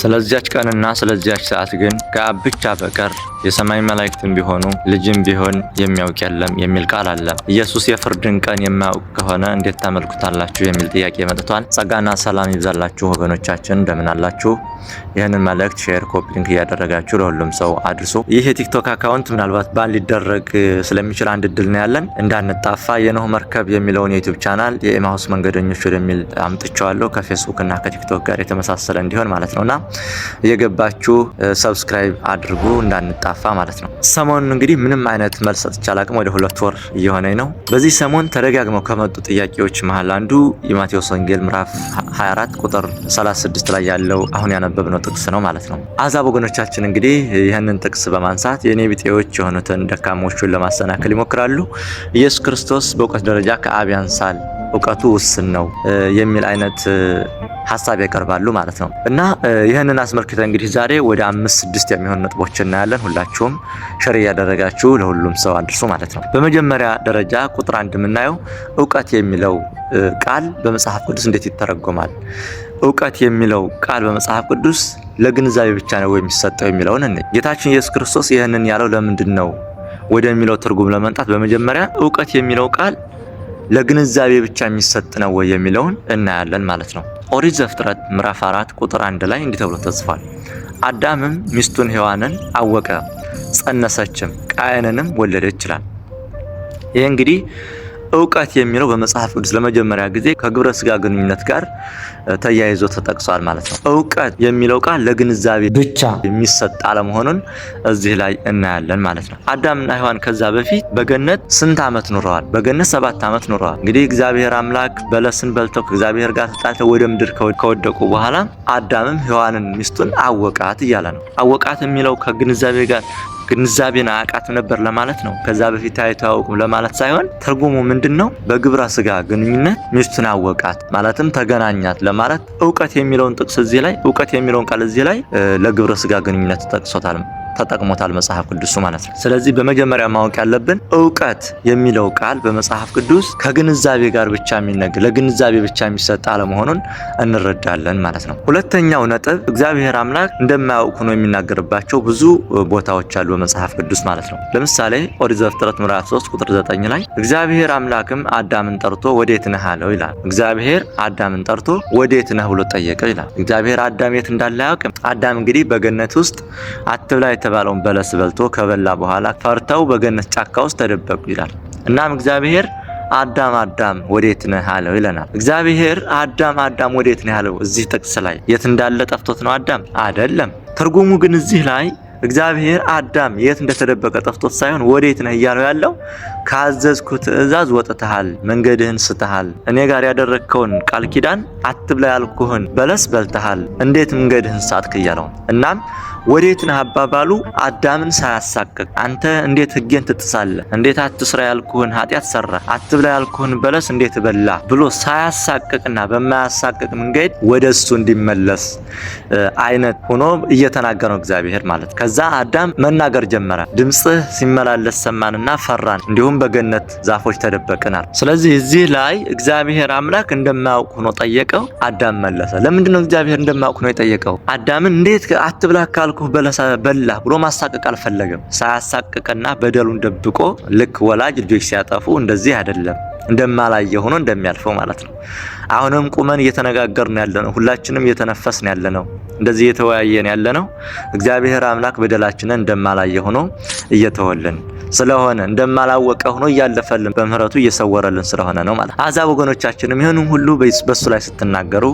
ስለዚያች ቀንና ስለዚያች ሰዓት ግን ከአብ ብቻ በቀር የሰማይ መላእክትም ቢሆኑ ልጅም ቢሆን የሚያውቅ የለም የሚል ቃል አለ። ኢየሱስ የፍርድን ቀን የማያውቅ ከሆነ እንዴት ታመልኩታላችሁ የሚል ጥያቄ መጥቷል። ጸጋና ሰላም ይብዛላችሁ ወገኖቻችን፣ እንደምን አላችሁ? ይህንን መልእክት ሼር፣ ኮፒ ሊንክ እያደረጋችሁ ለሁሉም ሰው አድርሱ። ይህ የቲክቶክ አካውንት ምናልባት ባን ሊደረግ ስለሚችል አንድ እድል ነው ያለን። እንዳንጣፋ የኖህ መርከብ የሚለውን የዩቱብ ቻናል የኤማሁስ መንገደኞች ወደሚል አምጥቸዋለሁ ከፌስቡክ እና ከቲክቶክ ጋር የተመሳሰለ እንዲሆን ማለት ነውና እየገባችሁ ሰብስክራይብ አድርጉ እንዳንጣ ጠፍጣፋ ማለት ነው። ሰሞኑን እንግዲህ ምንም አይነት መልስ ሰጥቼ አላቅም። ወደ ሁለት ወር እየሆነኝ ነው። በዚህ ሰሞን ተደጋግመው ከመጡ ጥያቄዎች መሀል አንዱ የማቴዎስ ወንጌል ምዕራፍ 24 ቁጥር 36 ላይ ያለው አሁን ያነበብነው ጥቅስ ነው ማለት ነው። አዛብ ወገኖቻችን እንግዲህ ይህንን ጥቅስ በማንሳት የእኔ ቢጤዎች የሆኑትን ደካሞቹን ለማሰናከል ይሞክራሉ። ኢየሱስ ክርስቶስ በእውቀት ደረጃ ከአብ ያንሳል፣ እውቀቱ ውስን ነው የሚል አይነት ሀሳብ ያቀርባሉ ማለት ነው እና ይህንን አስመልክተ እንግዲህ ዛሬ ወደ አምስት ስድስት የሚሆኑ ነጥቦች እናያለን። ሁላችሁም ሸር እያደረጋችሁ ለሁሉም ሰው አድርሱ ማለት ነው። በመጀመሪያ ደረጃ ቁጥር አንድ የምናየው እውቀት የሚለው ቃል በመጽሐፍ ቅዱስ እንዴት ይተረጎማል? እውቀት የሚለው ቃል በመጽሐፍ ቅዱስ ለግንዛቤ ብቻ ነው የሚሰጠው የሚለውን እ ጌታችን ኢየሱስ ክርስቶስ ይህንን ያለው ለምንድን ነው ወደሚለው ትርጉም ለመምጣት በመጀመሪያ እውቀት የሚለው ቃል ለግንዛቤ ብቻ የሚሰጥ ነው ወይ የሚለውን እናያለን ማለት ነው። ኦሪት ዘፍጥረት ምዕራፍ 4 ቁጥር 1 ላይ እንዲህ ተብሎ ተጽፏል። አዳምም ሚስቱን ሔዋንን አወቀ፣ ጸነሰችም፣ ቃየንንም ወለደች ይላል። ይህ እንግዲህ እውቀት የሚለው በመጽሐፍ ቅዱስ ለመጀመሪያ ጊዜ ከግብረ ስጋ ግንኙነት ጋር ተያይዞ ተጠቅሷል ማለት ነው። እውቀት የሚለው ቃል ለግንዛቤ ብቻ የሚሰጥ አለመሆኑን እዚህ ላይ እናያለን ማለት ነው። አዳምና ሔዋን ከዛ በፊት በገነት ስንት ዓመት ኑረዋል? በገነት ሰባት ዓመት ኑረዋል። እንግዲህ እግዚአብሔር አምላክ በለስን በልተው ከእግዚአብሔር ጋር ተጣልተው ወደ ምድር ከወደቁ በኋላ አዳምም ሔዋንን ሚስቱን አወቃት እያለ ነው። አወቃት የሚለው ከግንዛቤ ጋር ግንዛቤን አያውቃትም ነበር ለማለት ነው። ከዛ በፊት ታይቶ አያውቅም ለማለት ሳይሆን ትርጉሙ ምንድን ነው? በግብረ ስጋ ግንኙነት ሚስቱን አወቃት ማለትም ተገናኛት ለማለት እውቀት የሚለውን ጥቅስ እዚህ ላይ እውቀት የሚለውን ቃል እዚህ ላይ ለግብረ ስጋ ግንኙነት ጠቅሶታል። ተጠቅሞታል መጽሐፍ ቅዱሱ ማለት ነው። ስለዚህ በመጀመሪያ ማወቅ ያለብን እውቀት የሚለው ቃል በመጽሐፍ ቅዱስ ከግንዛቤ ጋር ብቻ የሚነግ ለግንዛቤ ብቻ የሚሰጥ አለመሆኑን እንረዳለን ማለት ነው። ሁለተኛው ነጥብ እግዚአብሔር አምላክ እንደማያውቅ ነው የሚናገርባቸው ብዙ ቦታዎች አሉ በመጽሐፍ ቅዱስ ማለት ነው። ለምሳሌ ኦሪት ዘፍጥረት ምዕራፍ 3 ቁጥር 9 ላይ እግዚአብሔር አምላክም አዳምን ጠርቶ ወዴት ነህ አለው ይላል። እግዚአብሔር አዳምን ጠርቶ ወዴት ነህ ብሎ ጠየቀው ይላል። እግዚአብሔር አዳም የት እንዳለ አያውቅም። አዳም እንግዲህ በገነት ውስጥ አትብላይ የተባለውን በለስ በልቶ ከበላ በኋላ ፈርተው በገነት ጫካ ውስጥ ተደበቁ ይላል። እናም እግዚአብሔር አዳም አዳም ወዴት ነህ አለው ይለናል። እግዚአብሔር አዳም አዳም ወዴት ነህ ያለው እዚህ ጥቅስ ላይ የት እንዳለ ጠፍቶት ነው አዳም አይደለም። ትርጉሙ ግን እዚህ ላይ እግዚአብሔር አዳም የት እንደተደበቀ ጠፍቶት ሳይሆን ወዴት ነህ እያለው ያለው ካዘዝኩ ትእዛዝ ወጥተሃል፣ መንገድህን ስተሃል፣ እኔ ጋር ያደረግከውን ቃል ኪዳን አትብላ ያልኩህን በለስ በልተሃል፣ እንዴት መንገድህን ሳትክ እያለው እናም ወዴት ነህ አባባሉ አዳምን ሳያሳቅቅ አንተ እንዴት ሕጌን ትጥሳለህ? እንዴት አትስራ ያልኩህን ኃጢአት ሰራ፣ አትብላ ያልኩህን በለስ እንዴት በላ ብሎ ሳያሳቅቅና በማያሳቅቅ መንገድ ወደ እሱ እንዲመለስ አይነት ሆኖ እየተናገረው እግዚአብሔር ማለት። ከዛ አዳም መናገር ጀመረ። ድምፅህ ሲመላለስ ሰማንና ፈራን፣ እንዲሁም በገነት ዛፎች ተደበቅናል። ስለዚህ እዚህ ላይ እግዚአብሔር አምላክ እንደማያውቅ ሆኖ ጠየቀው። አዳም መለሰ። ለምንድነው እግዚአብሔር እንደማያውቅ ሆኖ የጠየቀው? አዳምን እንዴት አትብላ ካልኩህ በላ ብሎ ማሳቀቅ አልፈለገም። ሳያሳቅቅና በደሉን ደብቆ ልክ ወላጅ ልጆች ሲያጠፉ እንደዚህ አይደለም እንደማላየ ሆኖ እንደሚያልፈው ማለት ነው። አሁንም ቁመን እየተነጋገርን ያለ ሁላችንም እየተነፈስን ያለነው ነው። እንደዚህ እየተወያየን ያለነው እግዚአብሔር አምላክ በደላችንን እንደማላየ ሆኖ እየተወልን ስለሆነ እንደማላወቀ ሆኖ እያለፈልን በምህረቱ እየሰወረልን ስለሆነ ነው ማለት አዛብ ወገኖቻችንም ይህንም ሁሉ በሱ ላይ ስትናገሩ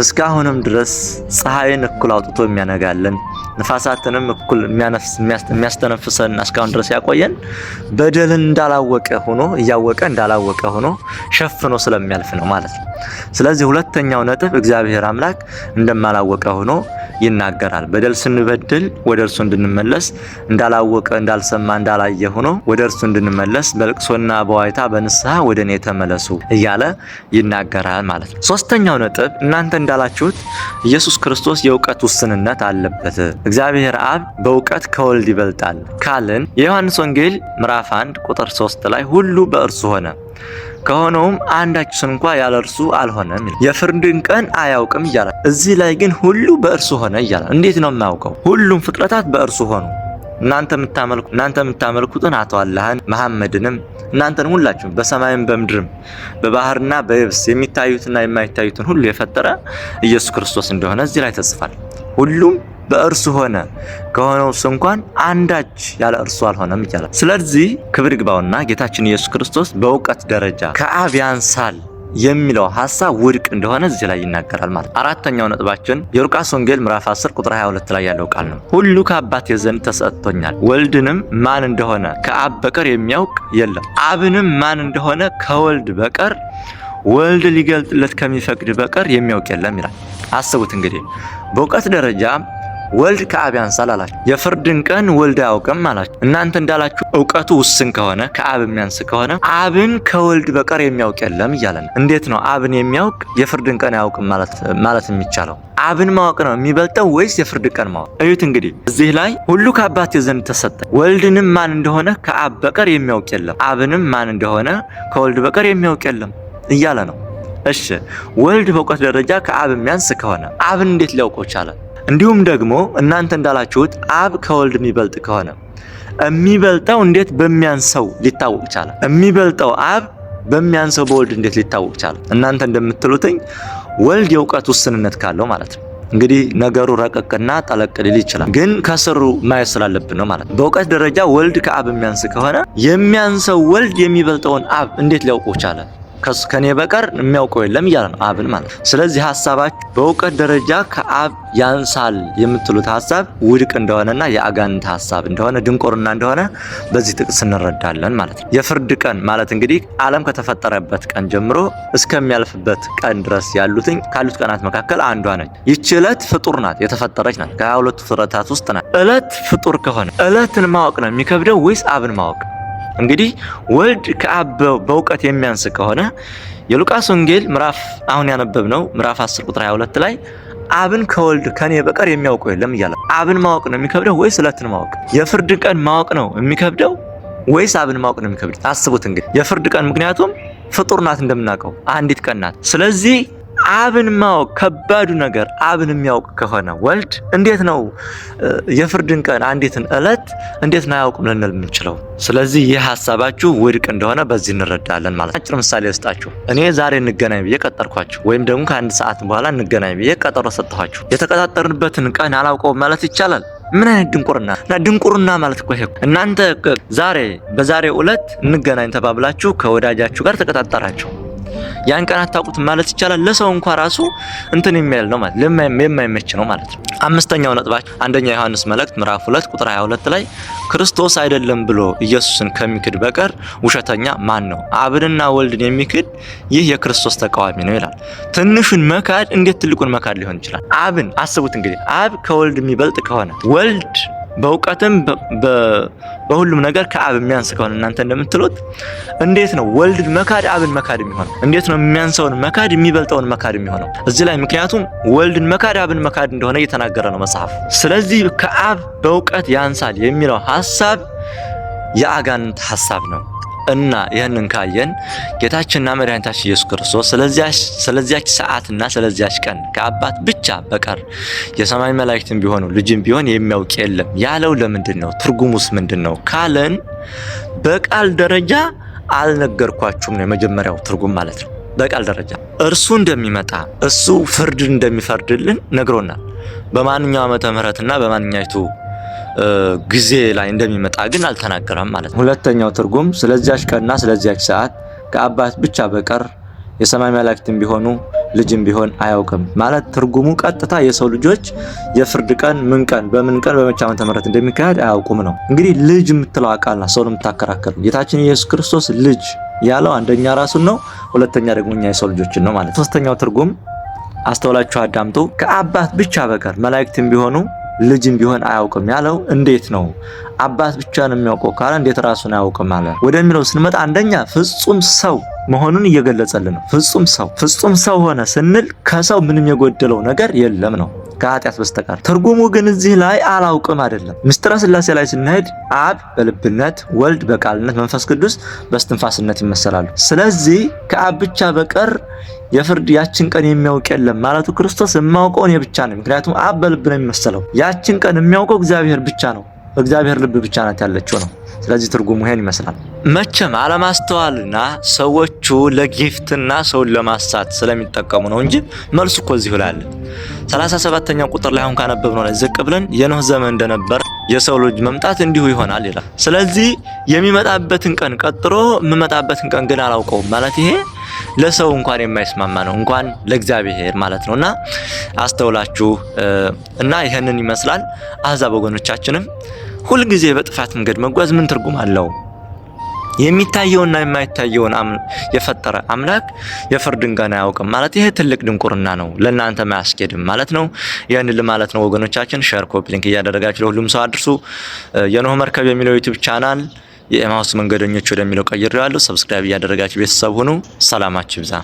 እስካሁንም ድረስ ፀሐይን እኩል አውጥቶ የሚያነጋልን ንፋሳትንም እኩል የሚያስተነፍሰን እስካሁን ድረስ ያቆየን በደልን እንዳላወቀ ሆኖ እያወቀ እንዳላወቀ ሆኖ ሸፍኖ ስለሚያልፍ ነው ማለት ነው። ስለዚህ ሁለተኛው ነጥብ እግዚአብሔር አምላክ እንደማላወቀ ሆኖ ይናገራል። በደል ስንበድል ወደ እርሱ እንድንመለስ እንዳላወቀ፣ እንዳልሰማ፣ እንዳላየ ሆኖ ወደ እርሱ እንድንመለስ በልቅሶና በዋይታ በንስሐ ወደ እኔ ተመለሱ እያለ ይናገራል ማለት ነው። ሶስተኛው ነጥብ እናንተ እንዳላችሁት ኢየሱስ ክርስቶስ የእውቀት ውስንነት አለበት። እግዚአብሔር አብ በእውቀት ከወልድ ይበልጣል ካልን የዮሐንስ ወንጌል ምዕራፍ 1 ቁጥር 3 ላይ ሁሉ በእርሱ ሆነ ከሆነውም አንዳችን እንኳ ያለ እርሱ አልሆነም የፍርድን ቀን አያውቅም እያላል። እዚህ ላይ ግን ሁሉ በእርሱ ሆነ እያላል። እንዴት ነው የማያውቀው? ሁሉም ፍጥረታት በእርሱ ሆኑ። እናንተ የምታመልኩ እናንተ የምታመልኩትን አቶ አላህን መሐመድንም እናንተን ሁላችሁም በሰማይም በምድርም በባህርና በየብስ የሚታዩትና የማይታዩትን ሁሉ የፈጠረ ኢየሱስ ክርስቶስ እንደሆነ እዚህ ላይ ተጽፏል። ሁሉም በእርሱ ሆነ፣ ከሆነውስ እንኳን አንዳች ያለ እርሱ አልሆነም ይላል። ስለዚህ ክብር ግባውና ጌታችን ኢየሱስ ክርስቶስ በእውቀት ደረጃ ከአብ ያንሳል የሚለው ሀሳብ ውድቅ እንደሆነ እዚህ ላይ ይናገራል ማለት አራተኛው ነጥባችን የሉቃስ ወንጌል ምዕራፍ 10 ቁጥር 22 ላይ ያለው ቃል ነው። ሁሉ ከአባቴ ዘንድ ተሰጥቶኛል፣ ወልድንም ማን እንደሆነ ከአብ በቀር የሚያውቅ የለም፣ አብንም ማን እንደሆነ ከወልድ በቀር ወልድ ሊገልጥለት ከሚፈቅድ በቀር የሚያውቅ የለም ይላል። አስቡት እንግዲህ በእውቀት ደረጃ ወልድ ከአብ ያንሳል አላቸው። የፍርድን ቀን ወልድ አያውቅም አላቸው። እናንተ እንዳላችሁ እውቀቱ ውስን ከሆነ ከአብ የሚያንስ ከሆነ አብን ከወልድ በቀር የሚያውቅ የለም እያለ ነው። እንዴት ነው አብን የሚያውቅ የፍርድን ቀን አያውቅም ማለት የሚቻለው? አብን ማወቅ ነው የሚበልጠው ወይስ የፍርድ ቀን ማወቅ? እዩት እንግዲህ እዚህ ላይ ሁሉ ከአባቴ ዘንድ ተሰጠ፣ ወልድንም ማን እንደሆነ ከአብ በቀር የሚያውቅ የለም፣ አብንም ማን እንደሆነ ከወልድ በቀር የሚያውቅ የለም እያለ ነው። እሺ ወልድ በእውቀት ደረጃ ከአብ የሚያንስ ከሆነ አብን እንዴት ሊያውቀው ቻለ? እንዲሁም ደግሞ እናንተ እንዳላችሁት አብ ከወልድ የሚበልጥ ከሆነ የሚበልጠው እንዴት በሚያንሰው ሊታወቅ ቻለ? የሚበልጠው አብ በሚያንሰው በወልድ እንዴት ሊታወቅ ቻለ? እናንተ እንደምትሉትኝ ወልድ የእውቀት ውስንነት ካለው ማለት ነው። እንግዲህ ነገሩ ረቀቅና ጠለቅ ሊል ይችላል፣ ግን ከስሩ ማየት ስላለብን ነው ማለት ነው። በእውቀት ደረጃ ወልድ ከአብ የሚያንስ ከሆነ የሚያንሰው ወልድ የሚበልጠውን አብ እንዴት ሊያውቀው ቻለ? ከኔ በቀር የሚያውቀው የለም እያለ ነው አብን ማለት ነው። ስለዚህ ሀሳባችሁ በእውቀት ደረጃ ከአብ ያንሳል የምትሉት ሀሳብ ውድቅ እንደሆነና የአጋንንት ሀሳብ እንደሆነ ድንቁርና እንደሆነ በዚህ ጥቅስ እንረዳለን ማለት ነው። የፍርድ ቀን ማለት እንግዲህ ዓለም ከተፈጠረበት ቀን ጀምሮ እስከሚያልፍበት ቀን ድረስ ያሉትኝ ካሉት ቀናት መካከል አንዷ ነች። ይች ዕለት ፍጡር ናት፣ የተፈጠረች ናት፣ ከሀያ ሁለቱ ፍጥረታት ውስጥ ናት። ዕለት ፍጡር ከሆነ ዕለትን ማወቅ ነው የሚከብደው ወይስ አብን ማወቅ? እንግዲህ ወልድ ከአብ በእውቀት የሚያንስ ከሆነ የሉቃስ ወንጌል ምዕራፍ አሁን ያነበብ ነው። ምዕራፍ 10 ቁጥር 22 ላይ አብን ከወልድ ከኔ በቀር የሚያውቀው የለም እያለ አብን ማወቅ ነው የሚከብደው ወይስ ዕለትን ማወቅ? የፍርድ ቀን ማወቅ ነው የሚከብደው ወይስ አብን ማወቅ ነው የሚከብደው? አስቡት እንግዲህ የፍርድ ቀን ምክንያቱም ፍጡር ናት እንደምናውቀው አንዲት ቀን ናት። ስለዚህ አብን ማወቅ ከባዱ ነገር አብን የሚያውቅ ከሆነ ወልድ እንዴት ነው የፍርድን ቀን አንዲትን ዕለት እንዴት ነው አያውቅም ልንል የምንችለው? ስለዚህ ይህ ሀሳባችሁ ውድቅ እንደሆነ በዚህ እንረዳለን ማለት ነው። አጭር ምሳሌ ልስጣችሁ። እኔ ዛሬ እንገናኝ ብዬ ቀጠርኳችሁ፣ ወይም ደግሞ ከአንድ ሰዓት በኋላ እንገናኝ ብዬ ቀጠሮ ሰጠኋችሁ። የተቀጣጠርንበትን ቀን አላውቀውም ማለት ይቻላል? ምን አይነት ድንቁርና እና ድንቁርና ማለት እኮ ይሄ እናንተ ዛሬ በዛሬው ዕለት እንገናኝ ተባብላችሁ ከወዳጃችሁ ጋር ተቀጣጠራችሁ ያን ቀን አታውቁት ማለት ይቻላል። ለሰው እንኳ ራሱ እንትን የሚያል ነው ማለት የማይመች ነው ማለት ነው። አምስተኛው ነጥባች አንደኛ ዮሐንስ መልእክት ምዕራፍ 2 ቁጥር 22 ላይ ክርስቶስ አይደለም ብሎ ኢየሱስን ከሚክድ በቀር ውሸተኛ ማን ነው? አብንና ወልድን የሚክድ ይህ የክርስቶስ ተቃዋሚ ነው ይላል። ትንሹን መካድ እንዴት ትልቁን መካድ ሊሆን ይችላል? አብን አስቡት እንግዲህ አብ ከወልድ የሚበልጥ ከሆነ ወልድ በእውቀትም በሁሉም ነገር ከአብ የሚያንስ ከሆነ እናንተ እንደምትሉት እንዴት ነው ወልድ መካድ አብን መካድ የሚሆነው? እንዴት ነው የሚያንሰውን መካድ የሚበልጠውን መካድ የሚሆነው? እዚህ ላይ ምክንያቱም ወልድን መካድ አብን መካድ እንደሆነ እየተናገረ ነው መጽሐፍ። ስለዚህ ከአብ በእውቀት ያንሳል የሚለው ሀሳብ የአጋንንት ሀሳብ ነው። እና ይህንን ካየን ጌታችንና መድኃኒታችን ኢየሱስ ክርስቶስ ስለዚያች ሰዓትና ስለዚያች ቀን ከአባት ብቻ በቀር የሰማይ መላእክትም ቢሆኑ ልጅም ቢሆን የሚያውቅ የለም ያለው ለምንድን ነው? ትርጉሙስ ምንድን ነው ካለን በቃል ደረጃ አልነገርኳችሁም ነው የመጀመሪያው ትርጉም ማለት ነው። በቃል ደረጃ እርሱ እንደሚመጣ እሱ ፍርድ እንደሚፈርድልን ነግሮናል። በማንኛው ዓመተ ምሕረትና በማንኛይቱ ጊዜ ላይ እንደሚመጣ ግን አልተናገረም ማለት ነው። ሁለተኛው ትርጉም ስለዚያች ቀንና ስለዚያች ሰዓት ከአባት ብቻ በቀር የሰማይ መላእክትም ቢሆኑ ልጅም ቢሆን አያውቅም ማለት ትርጉሙ ቀጥታ የሰው ልጆች የፍርድ ቀን ምን ቀን በምን ቀን በመቼ ዓመተ እንደሚካሄድ አያውቁም ነው። እንግዲህ ልጅ የምትለው አቃልና ሰውን የምታከራከር ጌታችን ኢየሱስ ክርስቶስ ልጅ ያለው አንደኛ ራሱን ነው፣ ሁለተኛ ደግሞ እኛ የሰው ልጆችን ነው ማለት። ሶስተኛው ትርጉም አስተውላችሁ አዳምጡ። ከአባት ብቻ በቀር መላእክትም ቢሆኑ ልጅም ቢሆን አያውቅም ያለው እንዴት ነው? አባት ብቻ ነው የሚያውቀው ካለ እንዴት ራሱን አያውቅም አለ ወደሚለው ስንመጣ አንደኛ ፍጹም ሰው መሆኑን እየገለጸልን ፍጹም ሰው ፍጹም ሰው ሆነ ስንል ከሰው ምንም የጎደለው ነገር የለም ነው። ከኃጢአት በስተቀር ትርጉሙ ግን እዚህ ላይ አላውቅም አይደለም። ምስጢረ ስላሴ ላይ ስንሄድ አብ በልብነት ወልድ በቃልነት መንፈስ ቅዱስ በስትንፋስነት ይመሰላሉ። ስለዚህ ከአብ ብቻ በቀር የፍርድ ያችን ቀን የሚያውቅ የለም ማለቱ ክርስቶስ የማውቀው እኔ ብቻ ነው። ምክንያቱም አብ በልብ ነው የሚመሰለው። ያችን ቀን የሚያውቀው እግዚአብሔር ብቻ ነው። በእግዚአብሔር ልብ ብቻ ናት ያለችው ነው። ስለዚህ ትርጉሙ ይሄን ይመስላል። መቼም አለማስተዋልና ሰዎቹ ለጊፍትና ሰውን ለማሳት ስለሚጠቀሙ ነው እንጂ መልሱ እኮ እዚሁ ላይ አለ። 37ኛው ቁጥር ላይ አሁን ካነበብነው ላይ ዝቅ ብለን የኖህ ዘመን እንደነበር የሰው ልጅ መምጣት እንዲሁ ይሆናል ይላል። ስለዚህ የሚመጣበትን ቀን ቀጥሮ የምመጣበትን ቀን ግን አላውቀውም ማለት ይሄ ለሰው እንኳን የማይስማማ ነው እንኳን ለእግዚአብሔር ማለት እና አስተውላችሁ እና ይህንን ይመስላል አህዛብ ወገኖቻችንም ሁልጊዜ በጥፋት መንገድ መጓዝ ምን ትርጉም አለው? የሚታየውና የማይታየውን የፈጠረ አምላክ የፍርድን ቀን አያውቅም ማለት ይሄ ትልቅ ድንቁርና ነው። ለእናንተ ማያስኬድም ማለት ነው። ይህንን ማለት ነው ወገኖቻችን፣ ሸር ኮፒ ሊንክ እያደረጋችሁ ለሁሉም ሰው አድርሱ። የኖህ መርከብ የሚለው ዩቲዩብ ቻናል የኤማውስ መንገደኞች ወደሚለው ቀይሬዋለሁ። ሰብስክራይብ እያደረጋችሁ ቤተሰብ ሁኑ። ሰላማችሁ ይብዛ።